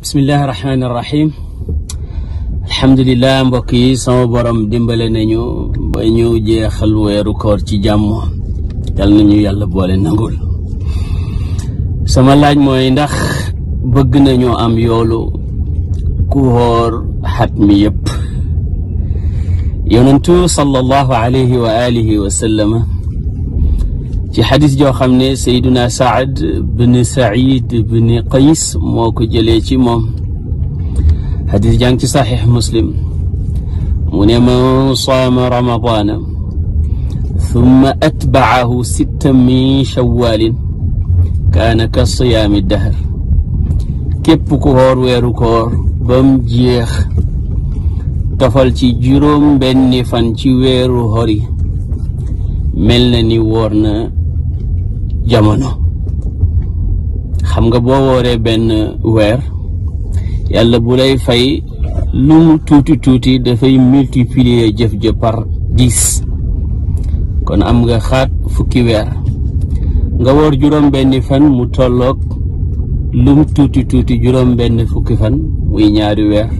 bismillahi rahmaani rahim alhamdulilah mbokk yi sama borom dimbale nañu ba jeexal weeru koor ci jàmm yal nañu yàlla boole nangul sama laaj mooy ndax bëgg nañoo am yoolu ku wóor xat mi yëpp yonentu sallallahu alayhi wa alihi ci xadis joo xam ne sayduna saad bin said bin qays moo ko jëlee ci moom xadis jàng ci saxiix muslim mu ne man saama ramadaana thumma atbaahu sitta min shawalin kaana ka siyaami dahr képp ku xoor weeru koor bam jeex tofal ci juróom benni fan ci weeru xori mel na ni woor na jamono xam nga boo wooree benn weer yàlla bu lay fay lu mu tuuti tuuti dafay multiplier jëf jë par kon am nga xaat fukki weer nga woor juróom benni fan mu tolloog lum tuuti tuuti juróom benn fukki fan muy ñaari weer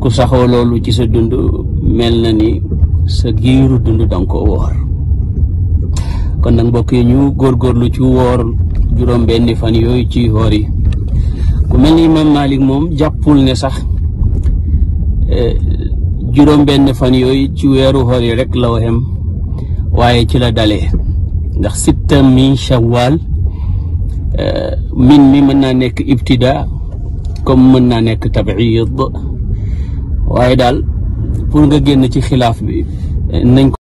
ku saxoo loolu ci sa dund mel na ni sa giiru dund danga ko woor kon nag mbokk yi ñu góorgóorlu ci woor juróom benni fan yooyu ci woor yi ku mel ni imam Malik moom jàppul ne sax e, juróom benn fan yooyu ci weeru woor yi rek la waxem waaye ci la dalee ndax sitta min shawwal e, min mi mën naa nekk ibtida comme mën naa nekk tabiid waaye daal pour nga génn ci xilaaf bi nañ